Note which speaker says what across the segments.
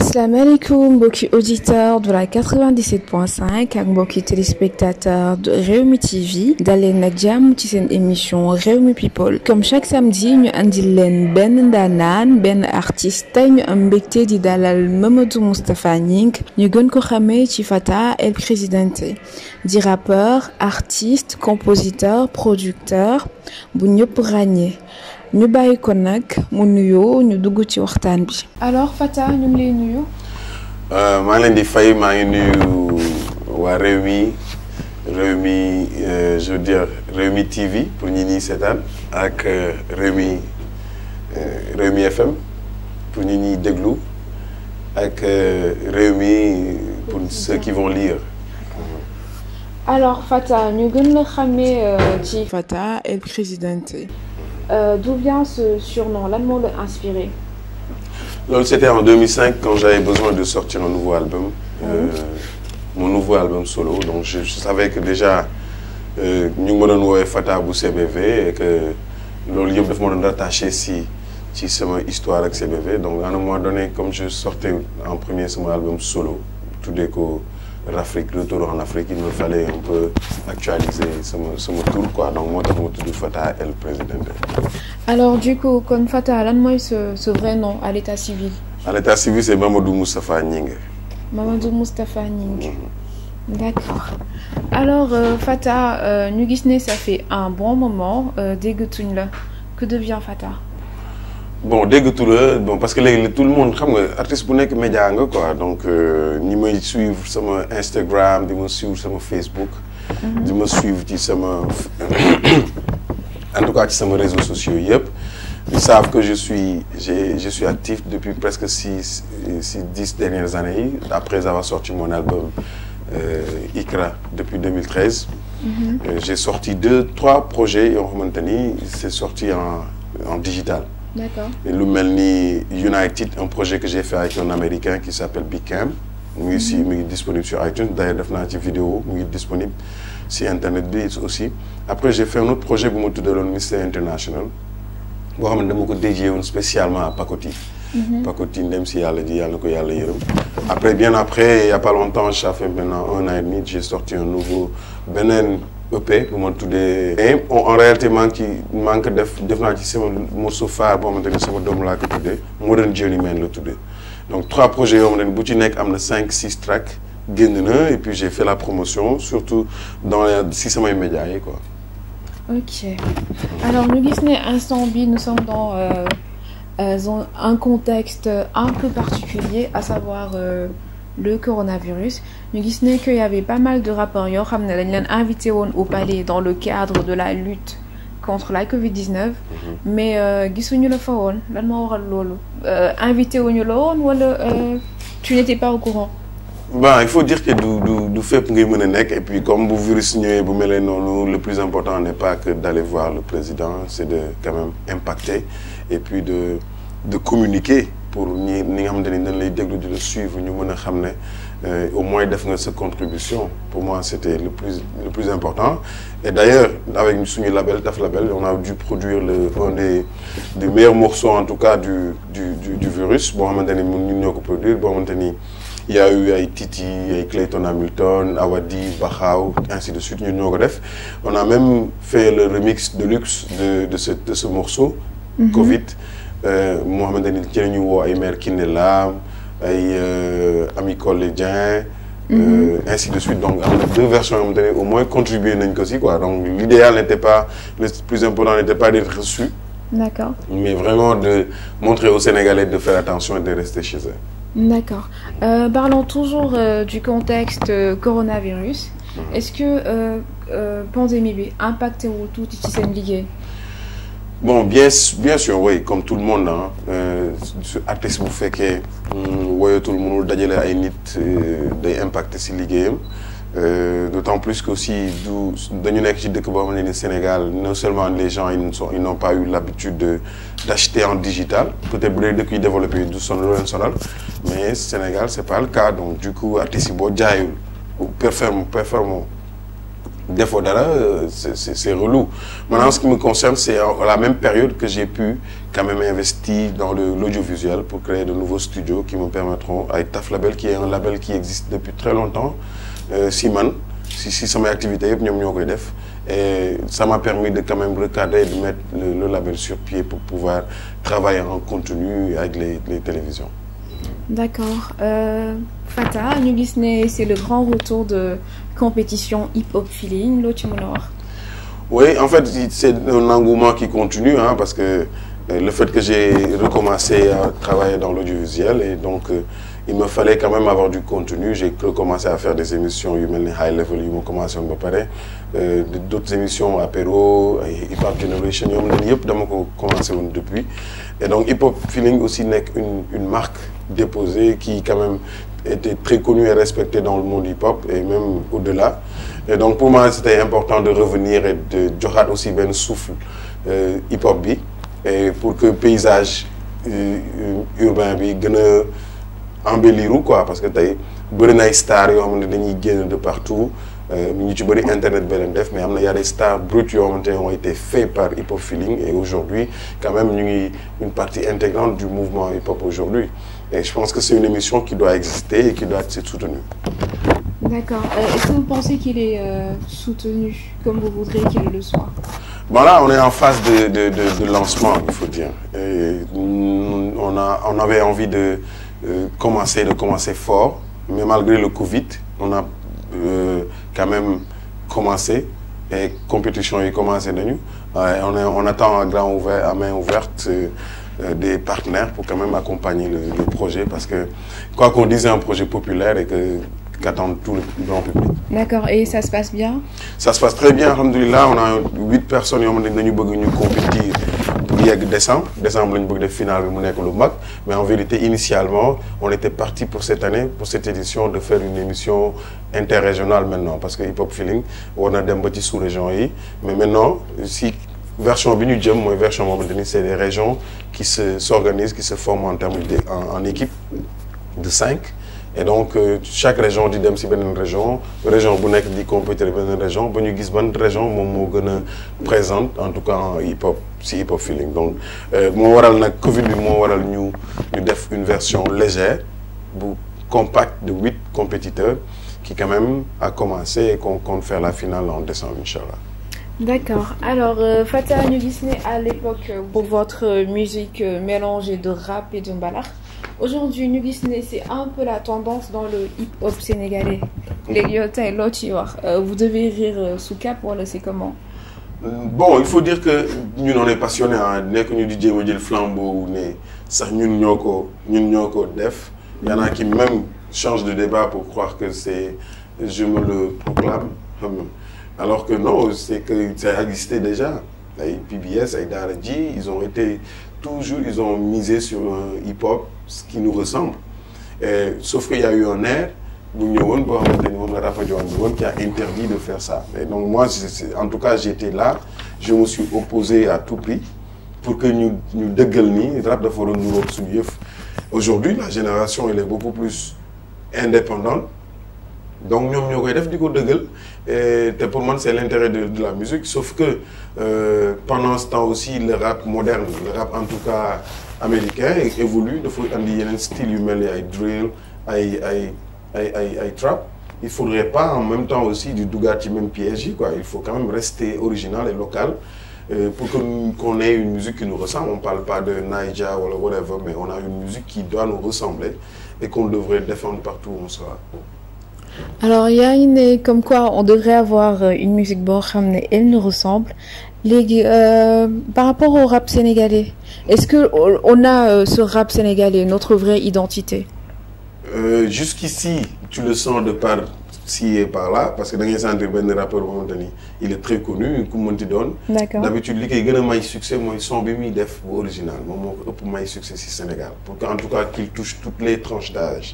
Speaker 1: asalaamaaleykum mbokki auditeur de la 97.5 ak mbokki téléspectateur de Rewmi TV daleen nag jàmm ci seen émission Rewmi People comme chaque samedi ñu andil leen benn danan benn artiste tey ñu am mbégte di dalal Mamadou Moustapha Gning ñu gën ko xamee ci Fata El Presidente di rappeur artiste compositeur producteur bu ñëpp ràññee ñu bàyyi ko nag mu nuyoo ñu dugg ci waxtaan bi. alors Fata ñu ngi lay nuyu.
Speaker 2: Euh, maa ngi leen di fay maa ngi nuyu waa réew mi mi euh, je réew mi TV pour ñi ñuy seetaan ak réew mi FM pour ñi ñuy déglu ak euh, réew mi pour ceux qui vont lire.
Speaker 1: alors Fata ñu gën la xamee ci. Fata El Presidente. Euh, d'où vient ce surnom lan moo la inspiré.
Speaker 2: loolu c'était en 2005 quand j'avais besoin de sortir un nouveau album. Euh, mhm. mon nouveau album solo donc je, je savais que déjà euh, ñu ngi ma doon woowee Fata bu CBV et que loolu yëpp dafa ma doon rattaché si ci sama histoire ak CBV donc à un moment donné comme je sortais en premier solo tuddee ko. l'Afrique, retour en Afrique, il me fallait un peu actualiser ce, ce tour. Quoi. Donc, moi, je suis Fatah El Presidente.
Speaker 1: Alors, du coup, comme Fatah, donne-moi ce, ce, vrai nom à l'état civil.
Speaker 2: À l'état civil, c'est Mamadou Moustapha Ning.
Speaker 1: Mamadou Moustapha Ning. Mm -hmm. D'accord. Alors, euh, Fatah, euh, Nugisne, ça fait un bon moment. Euh, Dégoutune, que devient Fatah
Speaker 2: bon déggatu la bon parce que léegi tout le monde xam nga artiste bu nekk média nga ko donc euh, ñi may suivre sama Instagram di ma suivre sama Facebook. Mhm. di ma suivre ci sama en tout cas ci sama réseaux sociaux yëpp. ils savent que je suis j'ai depuis presque six six dix dernières années yi après avoir sorti mon album euh, depuis 2013. Mm -hmm. j'ai sorti deux trois projets yoo xamante ni c'est sorti en en digital. d'accord lu mel ni United un projet que j'ai fait avec un américain qui s'appelle Bicam si mhm. mu ngi disponible sur iTunes d'ailleurs def naa ci vidéo mu ngi disponible si internet bi aussi après j'ai fait un autre projet bu ma tuddaloon Mister International boo xam ne dama ko dédié woon spécialement à Pacotille mhm. Pacotille ndem si yàlla ji yàlla na ko yàlla yërëm après bien après il y a pas longtemps ça fait maintenant un an et demi j'ai sorti un EP bu ma tuddee. mais e en réalité maa ngi ci maa ngi ko def def naa ci sama morceau phare boo xamante ne sama doom laa ko tuddee Modern trois projets yoo xamante ne bu ci nekk am na cinq six tracks génn na et puis j'ai fait la promotion surtout dans si samay médias yi quoi.
Speaker 1: ok alors ñu gis instant bi nous sommes dans euh, euh, un contexte un peu particulier à savoir. Euh, le coronavirus ñu gis ne que y avait pas mal de rapports yoo xam ne dañ leen invité woon au palais dans le cadre de la lutte contre la Covid-19 mhm. mais euh, gisuñu la fa woon lan moo waral loolu euh, invité wuñu la woon wala euh, tu n'étais pas au courant
Speaker 2: bon il faut dire que du du du fépp mën a nekk et comme bu virus ñëwee bu mel noonu le plus important n'est pas que d'aller voir le président c'est de quand même impacter et de de communiquer pour ñi ñi nga xamante ni dañ lay déglu di la suivre ñu mën a xam ne euh, au moins def nga sa contribution pour moi c'était le plus le important et d'ailleurs avec suñu label Taf Label on a dû produire le un des des meilleurs morceaux en tout cas du du du, du virus boo xamante ni ñun ñoo ko produire boo xamante ni il y a eu ay Titi ay Clayton Hamilton Awadi Bakhaw ainsi de suite ñun ñoo ko def on a même fait le remix de luxe de de ce morceau. Mm-hmm. Covid. Euh, moo xamante ni ci la woo ay maire Kiné Lam ay euh, Ami Collé Dieng euh, mm-hmm. ainsi de suite donc am na deux versions yoo xamante au moins contribuer nañ ko si quoi donc l'idéal n'était pas le plus important n'était pas d'être reçu
Speaker 1: mais
Speaker 2: vraiment de montrer aux Sénégalais de faire attention et de rester chez eux
Speaker 1: D'accord. Euh, parlons toujours du contexte coronavirus. Mm-hmm. Est-ce que pandémie bi impacté wu tuuti ci seen liggéey.
Speaker 2: bon bien bien sûr oui comme tout le monde ah artiste bu fekkee hmm, woyatul mënul dajale ay nit euh, day impacté si liggéeyam euh, d'autant plus que aussi du dañu nekk ci dëkk boo xam ne ni Sénégal non seulement les gens ils sont ils n'ont pas eu l'habitude de d'acheter en digital peut-être bu dee dëkk yu développé du son lu leen sonal mais Sénégal c'est pas le cas donc du coup artistes yi boo jaayul ou performe defoo dara euh, c'est c'est relou maintenant en ce qui me concerne c'est la même période que j'ai pu quand même investir dans le pour créer de nouveaux studios qui me permettront avec Taf Label qui est un label qui existe depuis très longtemps euh, si man si si samay activités yëpp ñoom ñoo et ça m'a permis de quand même de mettre le, le label sur pied pour travailler en continu avec les télévisions
Speaker 1: d'accord euh, Fata ñu gis c'est le grand retour de compétition hip-hop fii nii loo ci mën a wax.
Speaker 2: oui en fait c'est un engouement qui continue parce que euh, le fait que j'ai recommencé à travailler dans l'audiovisuel et donc euh, il me fallait quand même avoir du contenu j'ai recommencé à faire des émissions yu mel ni high level yu ma commencé ba pare euh, d'autres émissions apéro ay hip hop generation ñoom leen depuis et donc hip hop feeling aussi nekk une marque déposée qui quand même était très connu et respecté dans le monde hip-hop et même au-delà. Et donc pour moi, c'était important de revenir et de joxaat aussi benn souffle euh, hip-hop bi pour que paysage euh, euh, urbain bi gën a embelliru quoi parce que tey bëri na ay stars yoo xam ne dañuy génn de partout euh, ñu ci bëri internet bi def mais am a des stars brutes yoo xamante ne ont été faits par hip-hop feeling et aujourd'hui quand même ñu ngi une partie intégrante du mouvement hip-hop aujourd'hui je pense que c'est une émission qui doit exister et qui doit être soutenue.
Speaker 1: D'accord. Euh, Est-ce que vous pensez qu'il est euh, soutenu comme vous voudrez qu'il le soit
Speaker 2: Voilà, on est en phase de, de, de, de lancement, il faut dire. Mm, on, a, on de euh, de commencer fort, malgré le Covid, on a euh, quand même commencé et compétition est de nous. on, est, on grand ouvert, à main euh, Euh, des partenaires pour quand même accompagner le, projet parce que quoi qu'on dise, projet populaire et que qu'attendent tout le grand public.
Speaker 1: D'accord, et ça se passe bien
Speaker 2: Ça se passe très bien, alhamdoulilah. On a huit personnes qui ont voulu compétir pour y décembre. Décembre, nous avons finale le MAC. Mais en vérité, initialement, on était parti pour cette année, pour cette édition, de faire une émission interrégionale maintenant. Parce que Hip Hop Feeling, on a des petits sous-régions. Mais maintenant, si version bi ñu jëm mooy version boo xamante ni c'est des régions qui se s'organisent qui se forment en termes de en, en équipe de cinq et donc euh, chaque région di dem ci beneen région région bu nekk di compétir beneen région ba ñu gis ban région moom moo gën a présente en tout cas en hip hop ci hip hop feeling donc euh, moo waral nag Covid moo waral ñu ñu def une version légère bu compacte de huit compétiteurs qui quand même a commencé et qu'on compte faire la finale en décembre allah
Speaker 1: D'accord. Alors, euh, Fatah à l'époque euh, pour votre euh, musique euh, mélangée de rap et de mbalax aujourd'hui ñu gis ne c'est un peu la tendance dans le hip-hop sénégalais léegi yow tey loo ciy wax vous devez rire sous cap wala c'est comment.
Speaker 2: bon il faut dire que ñun on est passionné ah nekk ñu di jéem a jël flambeau ne sax ñun ñoo ko ñun ñoo ko def y en a qui même change de débat pour croire que c'est je me le proclame alors que no c'est que ça existait déjà ay PBS ay Daara J ils ont été toujours ils ont misé sur un hip-hop ce qui nous ressemble sauf que y a eu un air bu ñëwoon boo xamante ni moom la Rafa Dior bi woon qui a interdit de faire ça mais donc moi en tout cas j'étais là je me suis opposé à tout prix pour que ñu ñu dëggal ni rap de waroon ñu roog suñu yëf aujourd'hui la génération elle est beaucoup plus indépendante donc ñoom ñoo koy def di ko dëggal te pour man c'est l'intérêt de, de la musique sauf que euh, pendant ce temps aussi le rap moderne le rap en tout cas américain évolue dafa andi yeneen style yu mel ni ay drill ay ay ay ay ay trap il faudrait pas en même temps aussi di dugaat ci même piège yi quoi il faut quand même rester original et local euh, pour que qu'on ait une musique qui nous ressemble on parle pas de Naija wala whatever mais on a une musique qui doit nous ressembler et qu'on devrait défendre partout où on sera
Speaker 1: alors yaa ngi ne euh, comme quoi on devrait avoir euh, une musique boo xam ne elle nous ressemble léegi euh, par rapport au rap sénégalais est-ce que on a euh, ce rap sénégalais notre vraie identité.
Speaker 2: Euh, jusqu'ici tu le sens de par ci et par là parce que da ngay sentir benn rappeur boo xamante ni il est très connu ku mënti doon.
Speaker 1: d'accord d'habitude
Speaker 2: li koy gën a may succès mooy son bi muy def bu original moom moo ko ëpp may succès ci Sénégal pour que en tout cas qu'il touche toutes les tranches d'âge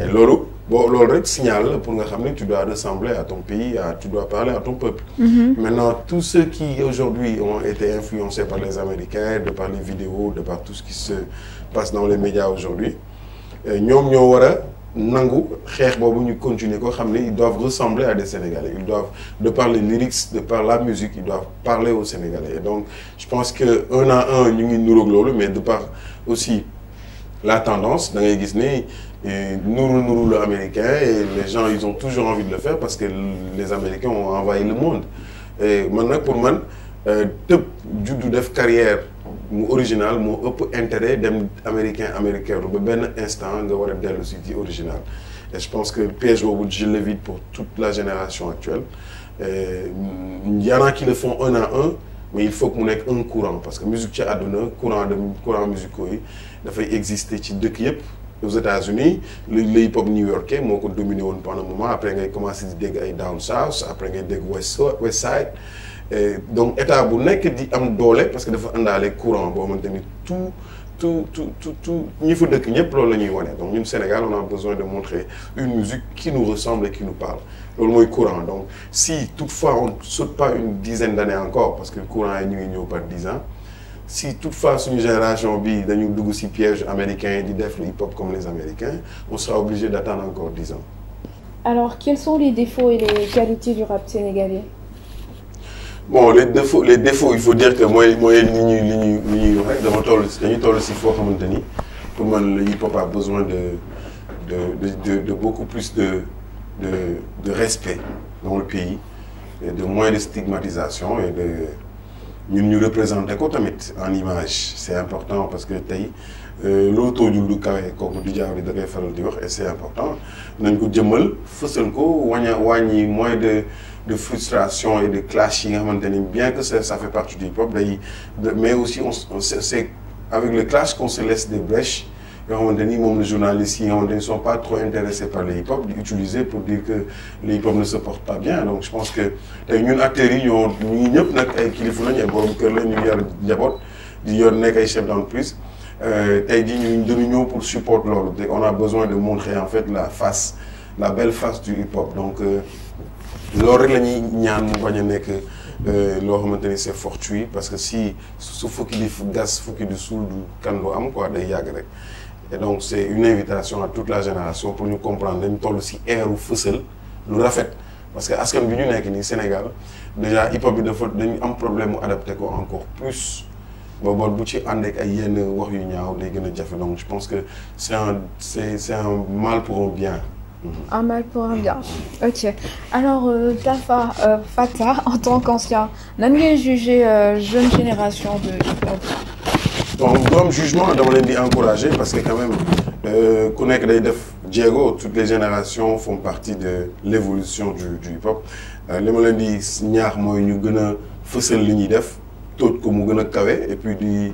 Speaker 2: et loolu boo rek signal la pour nga xam ne tu dois ressembler à ton pays à tu dois parler à ton peuple mm -hmm. maintenant tous ceux qui aujourd'hui ont été influencés par les Américains de par les vidéos de par tout ce qui se passe dans les médias aujourd'hui euh, ñoom ñoo war a nangu xeex boobu ñu continuer ko xam ne ils doivent ressembler à des Sénégalais ils doivent de par les lyrics de par la musique ils doivent parler aux Sénégalais et donc je pense que un à un ñu ngi nuroog loolu mais de par aussi la tendance gis ne et nourou nourou le américain et les gens ils ont toujours envie de le faire parce que les américains ont envahi le monde et man nag pour man euh, tëb juddu def carrière mu original moo ëpp intérêt dem américain américain ba benn instant nga war a dellu si di original et je pense que piège boobu je l'évite pour toute la génération actuelle e en a qui le font un à un mais il faut que mu nekk un courant parce que musique ci àdduna courant de courant musicaux yi dafay exister ci dëkk yëpp aux États-Unis le le hip hop new-yorkais moo ko dominé woon pendant un moment après ngay commencé di dégg ay down south après ngay dégg west west side donc état bu nekk di am doole parce que dafa àndaale courant boo xamante ni tout tout tout tout tout ñi fa dëkk ñëpp loolu la ñuy wane donc ñun Sénégal on a besoin de montrer une musique qui nous ressemble qui nous parle loolu mooy courant donc si toutefois on saute pas une dizaine d'années encore parce que courant yi ñu ngi si toutefois suñu génération bi dañu dugg ci piège américain di def le hip-hop comme les américains on sera obligé d'attendre encore dix ans.
Speaker 1: alors quels sont les défauts et les qualités du rap sénégalais.
Speaker 2: bon les defo les défauts il faut dire que mooy mooy li ñuy li ñuy li ñuy wax rek dama toll dañuy toll ci foo xamante ni pour man le hip-hop a besoin de de de de beaucoup de de de dans le pays et de moins de stigmatisation et de. ñun ñu représenté ko tamit en image c' est important parce que tey euh, loo toojul du kawe kooku du jaaw di da koy faral di wax et c' est important nañ ko jëmmal fësal ko wàñña wàññi moins de de frustration et de clash yi nga xamante ni bien que ça ça fait partie du peuple day mais aussi on on c' est avec le clash qu'on se laisse des yoo xamante ni moom la journalistes yi nga xamante ni sont pas trop intéressés par le hip-hop di utiliser pour dire que le hip-hop ne se pas bien donc je pense que tey ñun acteurs yi ñoo ñu ay kilifa lañu ay borom kër lañu ñu yar njaboot di yor nekk ay chef d'entreprise euh, te jii ñu dañu ñëw pour support loolu te on a besoin de montrer en fait la face la belle face du hip-hop donc euh, loolu rek la ñuy ñaan mu bañ a nekk euh, loo xamante ni c'est fortuit parce que si su fukki di gas fukki di suul du kan day yàgg rek et donc c' est une invitation à toute la génération pour ñu comprendre dañu toll si eeru fësal lu rafet parce que askan bi ñu nekk nii Sénégal déjà hip hop bi dafa dañu am problème mu adapté ko encore plus ba bon bu ci ànd ak ay yenn wax yu ñaaw day gën a jafe donc je que c' est un c' est c' est un mal pour un bien.
Speaker 1: Un mal pour un bien. ok alors euh, Tafa euh, en tant qu'ancien nan ngay juger euh, jeune génération de hip hop.
Speaker 2: donc borom jugement dama leen di encourager parce que quand même euh, ku nekk day def jéego toutes les générations font partie de l'évolution du du hip euh, li ma leen di ñaax mooy ñu gën a fësal li ñuy def tóoj ko mu gën a kawe et puis di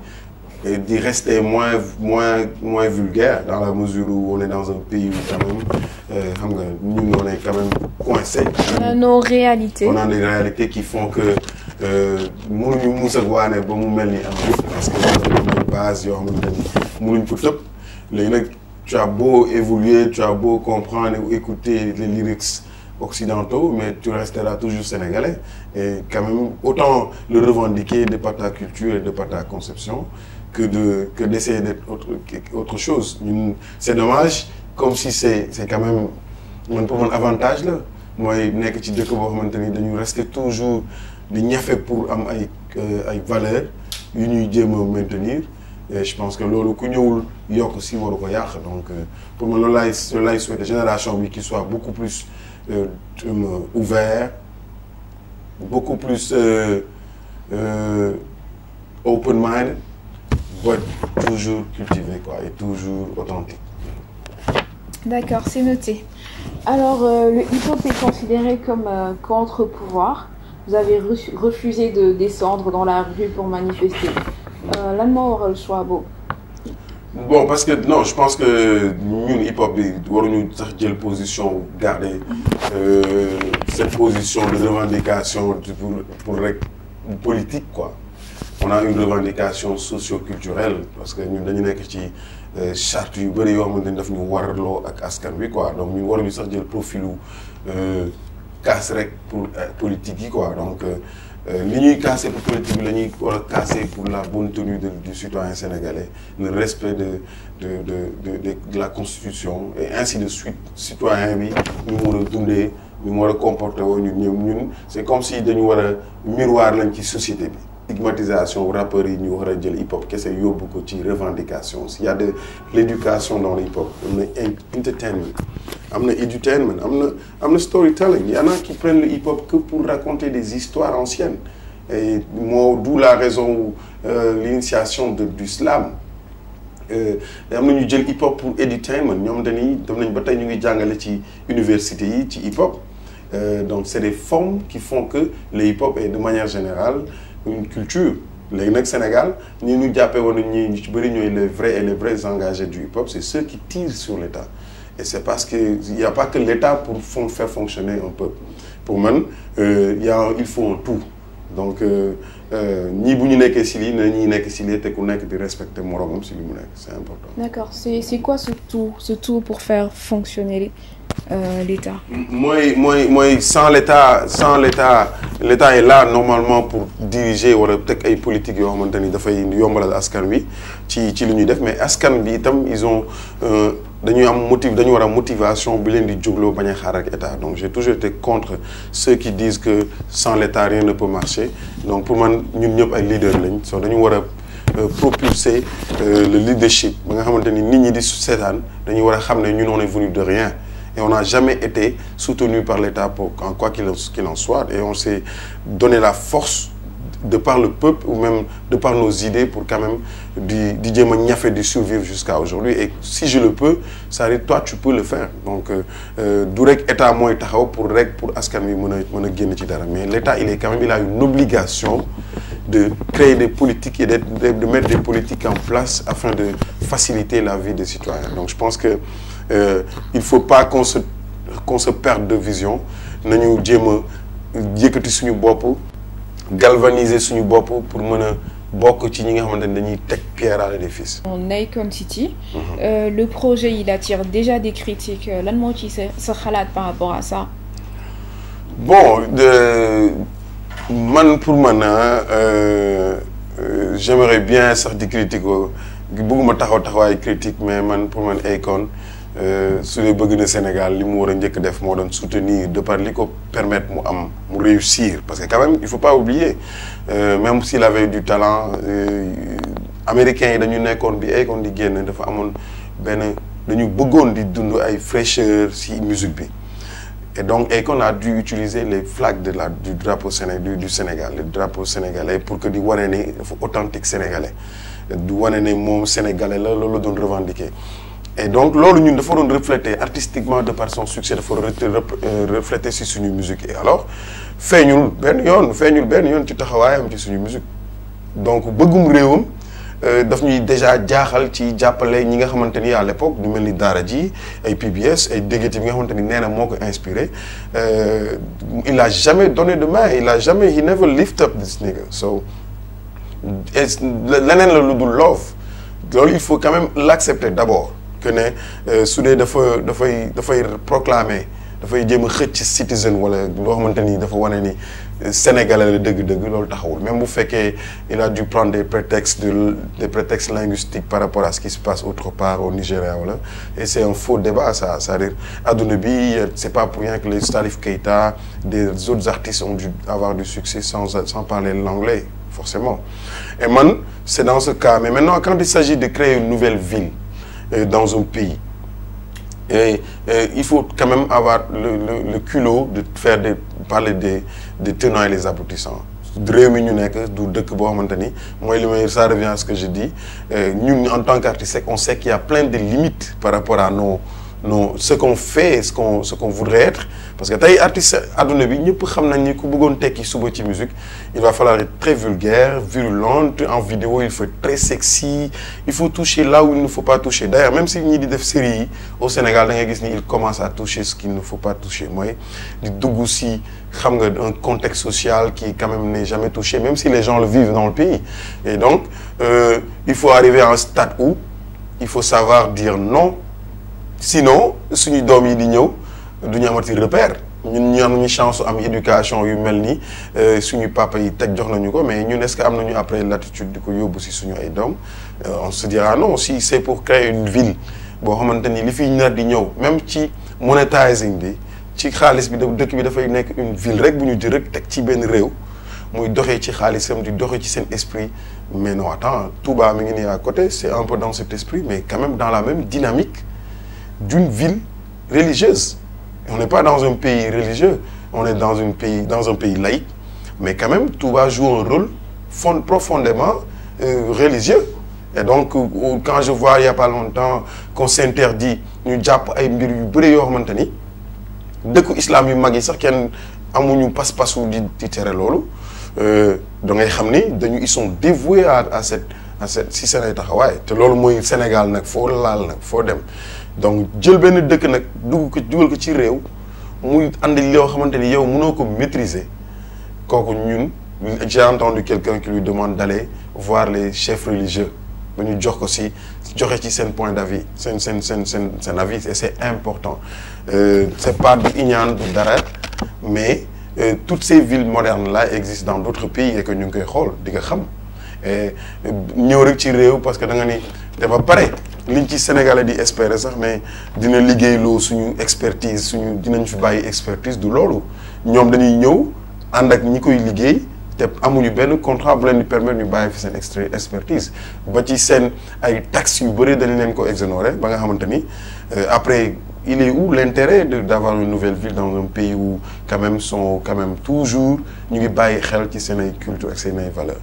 Speaker 2: di rester moins moins moins vulgaire dans la mesure où on est dans un pays où quand même euh, xam nga ñun on est quand même coincé.
Speaker 1: on a nos réalités on a des
Speaker 2: réalités qui font que mënuñu musawaane ba mu mel ni am parce base yoo xamante ni mënuñ ko tëb léegi nag tu as beau évoluer tu as beau comprendre ou écouter les lyrics occidentaux mais tu resteras toujours sénégalais et quand même autant le revendiquer de par ta et de par ta conception que de que d'essayer d'être autre autre chose ñun c'est dommage comme si c'est c'est quand même man pour avantage la mooy nekk ci dëkk boo xamante ni dañu rester toujours di ñafe pour am ay euh, ay valeurs yu ñuy jéem a maintenir et je pense que loolu ku ñëwul yokk si waru ko yàq donc euh, pour moi loolu laay loolu laay souhaité génération bi qui soit beaucoup plus euh, ouvert beaucoup plus euh, euh, open mind but toujours cultivé quoi et toujours authentique.
Speaker 1: D'accord, c'est noté. Alors euh, le hip-hop est considéré comme euh, contre-pouvoir. Vous avez refusé de descendre dans la rue pour manifester. Euh, lan moo waral choix boobu. bon
Speaker 2: parce que non je pense que ñun hip hop bi waruñu sax jël position garder euh, cette position de revendication pour pour rek politique quoi on a une revendication socio-culturelle parce que ñun dañu nekk ci euh, charte yu bëri yoo xamante ni daf ñu war warloo ak askan wi quoi donc ñun waruñu sax jël profilu. Euh, casse rek pour euh, politique yi quoi donc euh, euh, li ñuy casser pour politique bi la ñuy war a casser pour la bonne tenue de, du citoyen sénégalais le respect de de de de de la constitution et ainsi de suite citoyen bi ñu war a dundee ñu war a comporter woo ñu ñoom ñun c'est comme si dañu war a miroir lañ ci société bi. stigmatisation rappeurs yi ñu war a jël hip hop kese yóbbu ko ci revendication il y a de l'éducation dans le hip hop am na entertainment am na edutainment am na am na storytelling y en a qui prennent le hip hop que pour raconter des histoires anciennes et moo d'où la raison où euh, l'initiation de du slam euh, am na ñu jël hip hop pour edutainment ñoom dañuy dem nañ ba tey ñu ngi jàngale ci université yi ci hip hop euh, donc c'est des formes qui font que le hip hop de manière générale une culture léegi nag Sénégal ñi ñu jàppee woon ñi ñu ci bëri ñooy les vrais et les vrais engagés du hip hop c'est ceux qui tirent sur l'État et c'est parce que y a pas que l'État pour faire fonctionner un peuple pour man euh, y a il faut un tout donc euh, euh, ñii bu ñu nekkee si lii na ñii nekk si lii te ku nekk di respecter moromam si li mu nekk c'est important.
Speaker 1: d'accord c'est quoi ce tout pour faire fonctionner
Speaker 2: mooy mooy mooy sans l'État sans l'État l'État est là normalement pour diriger wala teg ay politique yoo xamante ni dafay yombalal askan wi ci ci li ñuy def mais askan bi itam ils ont euh, dañuy am motive dañu war a motivation bi leen di jógloo bañ xaar ak état donc j'ai toujours été contre ceux qui disent que sans l'État rien ne peut marcher donc pour man ñun ñëpp ay leaders lañ soo dañu war a euh, propulser euh, le leadership ba nga xamante ni nit ñi di seetaan dañuy war a xam ne ñu on est de rien et on n'a jamais été soutenu par l'État pour en quoi qu'il en, qu en soit et on s'est donné la force de par le peuple ou même de par nos idées pour quand même di di jéem a ñafe di survivre jusqu'à aujourd'hui et si je le peux ça veut dire toi tu peux le faire donc euh, euh, du rek état mooy taxaw pour rek pour askan wi mën a mën a génn ci dara mais l'état il est quand même il a une obligation de créer des politiques et de, de, de mettre des politiques en place afin de faciliter la vie des citoyens donc je pense que euh, il faut pas qu'on se perde de vision nañu jéem a yëkkati suñu bopp galvaniser suñu bopp pour mën a bokk ci ñi nga xamante ne dañuy teg pierre à l'édifice.
Speaker 1: en Akon City. Mm -hmm. euh, le projet il attire déjà des critiques euh, lan moo ci se sa xalaat par rapport à ça.
Speaker 2: man pour man euh, euh, j'aimerais bien sax di critique bëgguma taxaw taxawaay critique mais man pour man Akon. Euh, su dee bëgg na Sénégal li mu war a njëkk def moo doon soutenir de par li ko permettre mu am mu réussir parce que quand même il faut pas oublier euh, même s'il avait du talent euh, américains yi dañu nekkoon bi ay kon di génn dafa amoon benn dañu bëggoon di dund ay fraîcheur ci musique bi et donc Akon a dû utiliser les flags de la du drapeau séné du, du Sénégal le drapeau pour que di wane ne dafa authentique sénégalais du wane ne moom sénégalais la loolu la doon revendiquer et donc loolu ñun dafa doon refléter artistiquement de par son succès dafa euh, refléter si suñu musique et alors feeñul benn yoon feeñul benn yoon ci taxawaayam ci suñu musique donc bëggum réewam euh, daf ñuy déjà jaaxal ci jàppale ñi nga xamante ni à l'époque ñu mel ni Daara J ay PBS ay Déggati bi nga xamante ni nee na moo ko inspiré euh, il a jamais donné de main il a jamais he never lift up this nigga so leneen la lu dul love loolu il faut quand même l'accepter d'abord que ne euh, su dee dafa dafay dafay proclamer dafay jéem a xëcc citizen wala loo xamante ni dafa wane ni euh, sénégalais la dëgg-dëgg loolu taxawul même bu fekkee il a dû prendre des prétextes linguistiques par rapport à ce qui se passe autre part au Nigéria wala et c' un faux débat c'est-à-dire adduna bi c' est pas pour rien que les Salif Keita des autres artistes ont dû avoir du succès sans sans parler l'anglais forcément et man c' est dans ce cas mais maintenant quand il s'agit Euh, dans un pays. e et, euh, il faut quand même avoir le, le, le culot de faire des parler des des tenants et les aboutissants réew mi ñu nekk du dëkk boo xamante ni mooy li may ça revient à ce que je dis euh, ñun en tant qu'artiste on sait qu'il y a plein de limites par rapport à nos non ce qu'on fait et ce qu'on ce qu'on voudrait être parce que tey artiste adduna bi ñëpp xam nañ ni ku bëggoon tekki suba ci musique il va falloir être très vulgaire virulente en vidéo il faut être très il faut toucher là où il ne faut pas toucher d'ailleurs même si ñi di def série yi au Sénégal da ngay gis ni il commence à toucher ce qu'il ne faut pas toucher mooy di dugg si xam nga un contexte social qui quand même n'est jamais si les gens le vivent dans le pays et donc euh, il faut arriver à un stade où il faut savoir dire non sinon suñu doom yi di ñëw du ñu amati repère ñun ñu am ñu chance am éducation yu mel ni euh, suñu papa yi teg jox nañu ko mais ñun est-ce am nañu après l'attitude di ko yóbbu si suñu ay doom euh, on se dira pour créer une boo xamante ni li fiy nar di ñëw même ci monétisation bi ci xaalis bi dëkk bi dafay nekk une ville rek bu ñu jël teg ci benn réew. muy doxee ci xaalisam di doxee ci seen esprit mais non attends Touba mi ngi nii à côté c'est un peu dans cet esprit mais quand dans la même dynamique. d'une ville religieuse. On n'est pas dans un pays religieux, on est dans, une pays, dans un pays laïque, mais quand même, Touba joue un rôle fond, profondément euh, religieux. Et donc, euh, euh, quand je vois il n'y a pas longtemps qu'on s'interdit, ñu jàpp ay mbir yu bëri yoo xamante ni dëkku islam yu mag yi sax kenn amuñu pas-pasu di di tere loolu da ngay xam ni dañu ils sont dévoués à à cette si seen ay taxawaay te loolu mooy Sénégal nag foo laal nag foo dem. donc jël benn dëkk nag dugg ko dugal ko ci réew muy andi loo xamante ni yow munoo ko maîtriser kooku ñun j'ai entendu quelqu'un qui lui demande d'aller voir les chefs religieux ba ñu jox ko si joxe ci seen point d'avis seen seen seen seen seen avis et c'est important euh, c'est pas du iñaan du dara mais euh, toutes ces villes modernes là existent dans d'autres pays et que ñu ngi koy xool di nga xam euh, ñëw rek ci réew parce que da nga ni dafa pare liñ ci sénégalais di espérer sax ne dina liggéeyloo suñu expertise suñu dinañ fi bàyyi expertise du loolu ñoom dañuy ñëw ànd ak ñi koy liggéey te amuñu benn contrat bu leen di permettre ñu bàyyi fi seen extra expertise ba ci seen ay taxes yu bëri dañ leen ko exonérer ba nga xamante ni euh, après il est où l'intérêt de d'avoir une nouvelle ville dans un pays où quand même sont quand même toujours ñu ngi bàyyi xel ci seen ay culture ak seen ay valeurs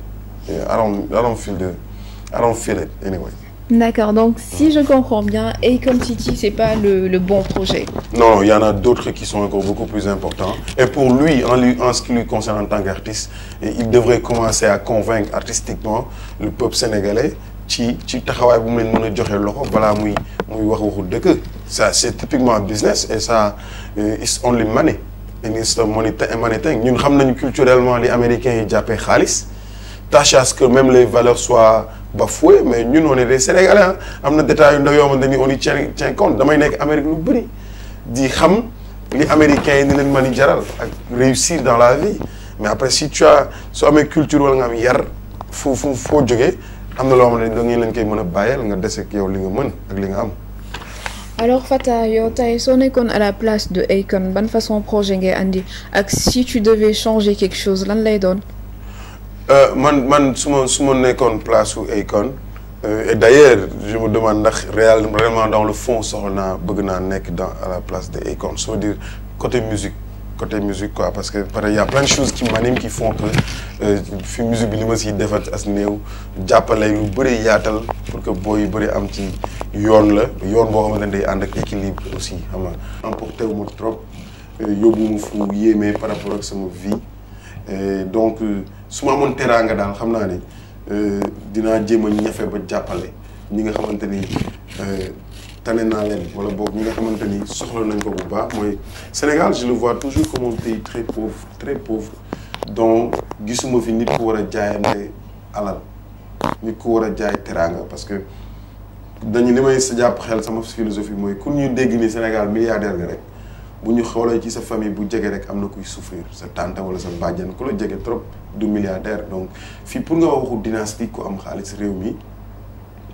Speaker 2: I don't I don't
Speaker 1: D'accord, donc si je comprends bien, Ecom City, ce pas le, bon projet.
Speaker 2: Non, il y en a d'autres qui sont encore beaucoup plus importants. Et pour lui, en, en ce qui lui concerne en tant qu'artiste, eh, il devrait commencer à convaincre artistiquement le peuple sénégalais ci ci taxawaay bu mu leen mën a joxe loxo balaa wax waxu dëkk ça c'est typiquement un et ça eh, it's only money and it's money money thing nañu culturellement li américains yi jàppee xaalis tâche à ce que même les valeurs soient bafoué mais ñun on est des sénégalais ah. am na détails yu ndaw yoo xamante ni on y tient tient compte damay nekk Amérique lu bëri di xam li américains yi ni leen mën a jaral ak réussir dans la vie mais après si tu soo amee culture wala nga am yar foo foo foo jógee am na loo xam ne da ngeen leen koy mën a bàyyeel nga dese ak yow li nga mën ak li nga am.
Speaker 1: alors Fata yow tey soo nekkoon à la place de Akon ban façon projet ngay andi ak si tu devais changer quelque chose lan lay doon.
Speaker 2: Euh, man man su ma su ma nekkoon place su Akon euh, et d'ailleurs je me demande ndax réel réellement dans le fond soxla naa bëgg naa nekk dans à la place de Akon ça veut dire côté musique côté musique quoi parce que pareil y a plein de choses qui m'animent qui font que euh, fi musique bi li ma si defar as néew jàppale yu bëri yaatal pour que booy yu bëri am ci yoon la yoon boo xamante ne day ànd ak équilibre aussi xam nga emporté wu ma trop yóbbu ma fu yéemee par rapport ak sama vie donc. su ma amoon teraanga daal xam naa ne euh, dinaa jéem a ñafe ba jàppale ñi nga xamante ni euh, tane naa leen wala boog ñi nga xamante ni soxla nañ ko bu baax mooy Sénégal je le vois toujours comme un pays très pauvre très pauvre donc gisuma fi nit ku war a jaayante alal nit ku war a jaay teraanga parce que dañu li may sa jàpp xel sama philosophie mooy ku ñu dégg ni Sénégal milliardaire nga rek bu ñu xoolee ci sa famille bu jege rek am na kuy souffrir sa tante wala sa bàjjan ku la jege trop du milliardaire donc fii pour nga waxu dynastie ku am xaalis réew mi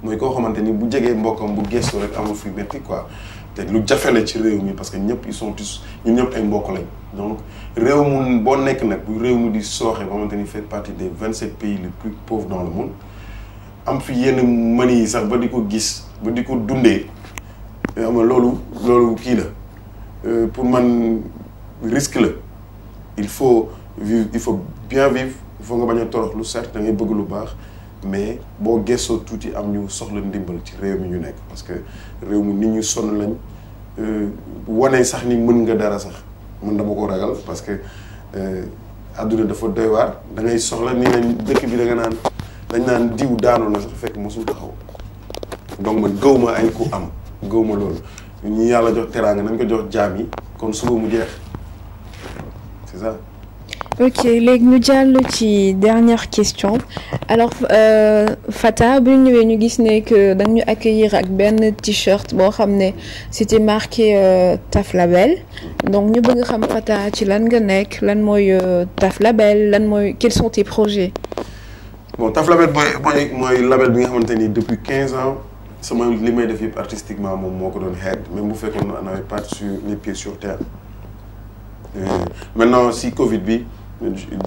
Speaker 2: mooy koo xamante ni bu jegee mbokkam bu gëstu rek amul fi métti quoi te lu jafe la ci réew mi parce que ñëpp ils sonti tous ñun ñëpp ay mbokk lañ donc réew mu boo nekk nag bu réew mu di sooxe ba xamante ni fait partie des vingt sept pays le plus pauvres dans le monde am fi yenn mën yi sax gis ba di ko dundee xam loolu loolu la. Euh, pour man risque la il faut vivre il faut bien vivre il faut nga bañ a torox lu certes da ngay bëgg lu baax mais boo gëstoo tuuti am ñu soxla ndimbal ci réew mi ñu nekk parce que réew mi nit ñu sonn lañ euh, wane sax ni mën nga dara sax mën dama ko ragal parce que euh, àdduna dafa doy waar da ngay soxla ni lañ dëkk bi da nga naan dañ naan diw daanu na sax fekk mosul taxaw donc man gëw ay ku am gëw ma loolu ñi yàlla jox teraanga nañ ko jox jaam kon suba mu jeex c'est ça.
Speaker 1: ok léegi ñu jàll ci dernière question alors euh, Fata bu ñu ñëwee ñu gis ne que dañu ñu accueillir ak benn t-shirt boo xam ne c'était marqué euh, Taf Label donc ñu bëgg xam Fata ci lan nga nekk lan mooy euh, Taf Label lan mooy quels sont tes projets.
Speaker 2: bon Taf Label mooy mooy label bi nga xamante depuis ans. sama li may def yëpp artistiquement moom moo ko doon xeet même bu fekkoon on n'avait pas sur les pieds sur terre maintenant si Covid bi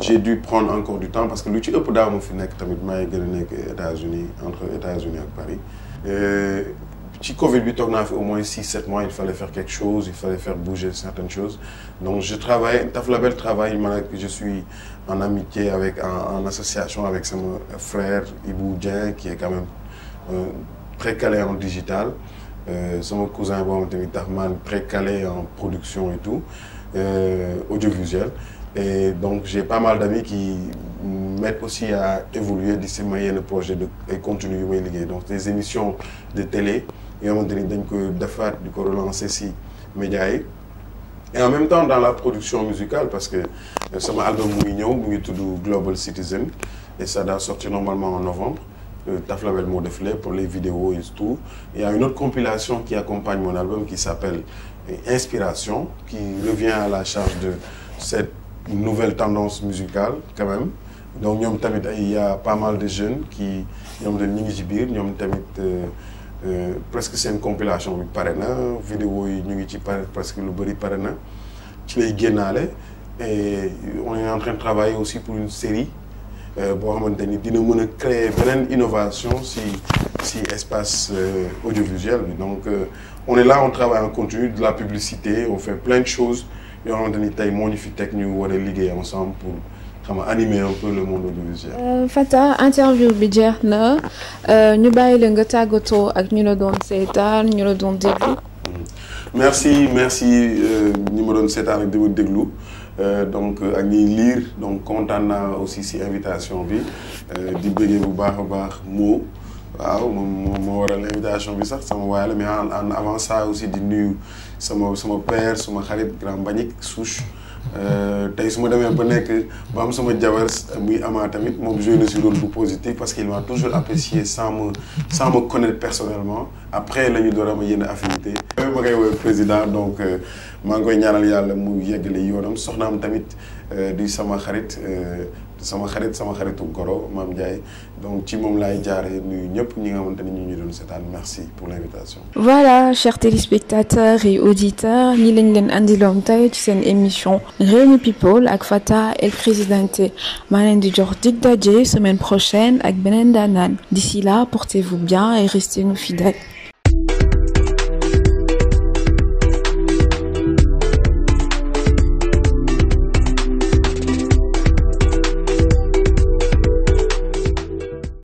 Speaker 2: j'ai dû prendre encore du temps parce que lu ci ëpp daaw ma fi nekk tamit maa ngi gën a nekk États-Unis entre États-Unis ak Paris ci Covid bi toog naa fi au moins six sept mois il fallait faire quelque chose il fallait faire bouger certaines choses donc je travaille Taf Label travaille je suis en amitié avec en, association avec sama frère Ibou Dieng précalé en digital euh, sama cousin boo xamante ni tax maan précalé en production et tout euh, audiovisuel et donc j'ai pas mal d'amis qui m'aident aussi à évoluer di sama yenn projet de ay contenu yu may liggéey donc des émissions de télé yoo xamante ni dañ koy defaat di ko relancer si médias yi et en même temps dans la production musicale parce que euh, sama album mu ngi ñëw mu tudd Global Citizen et ça doit sortir normalement en novembre Taflabel euh, moo def lépp pour les vidéos et tout il y a une autre compilation qui accompagne mon album qui s'appelle euh, Inspiration qui revient à la charge de cette nouvelle tendance musicale quand même donc ñoom tamit ay y a mal de jeunes qui ñoom dañ ñu ngi ci biir ñoom tamit euh, presque seen compilation bi pare na vidéo yi ñu ngi ci pare presque lu bëri pare na ci génnaale et on est en de travailler aussi pour une série Euh, boo xamante ni dina mën a créer beneen innovation si si espace euh, audiovisuel bi donc euh, on est là on travaille en continu de la publicité on fait plein de choses yoo xamante ni tey moo ñu fi teg ñu war a liggéey ensemble le monde audiovisuel.
Speaker 1: Fata interview bi jeex na ñu bàyyi la nga tàggatoo ak ñu la doon seetaan ñu la mm.
Speaker 2: merci merci ñi ma doon déglu. Euh, donc euh, ak ñiy liir donc kontaan naa aussi si invitation bi euh, di bëggee bu baax a baax mu waaw moom moo waral invitation bi sax sama waay la mais en avant ça aussi di nuyu sama sama père suma xarit grand Mbagnick Souche Euh, tey su ma demee ba nekk ba am sama jabar muy Ama tamit moom joué na si rôle bu positif parce qu'il m'a toujours apprécié sans me sans me connaître personnellement après la ñu door am yenn affinité ma koy woowee président donc euh, maa ngi koy ñaanal yàlla mu yeggale yoonam soxnaam tamit euh, di sama xarit sama xarit sama xaritu goro Mame Ndiaye donc ci moom laay jaaree nuyu ñëpp ñi nga xamante ni ñu ñu doon seetaan merci pour l'invitation.
Speaker 1: voilà chers téléspectateurs et auditeurs ñi lañ leen andiloon tey ci seen émission Rewmi People ak Fata El Presidente maa leen di jox dig semaine prochaine ak beneen daanaan d'ici là portez-vous bien et restez nous fidèles.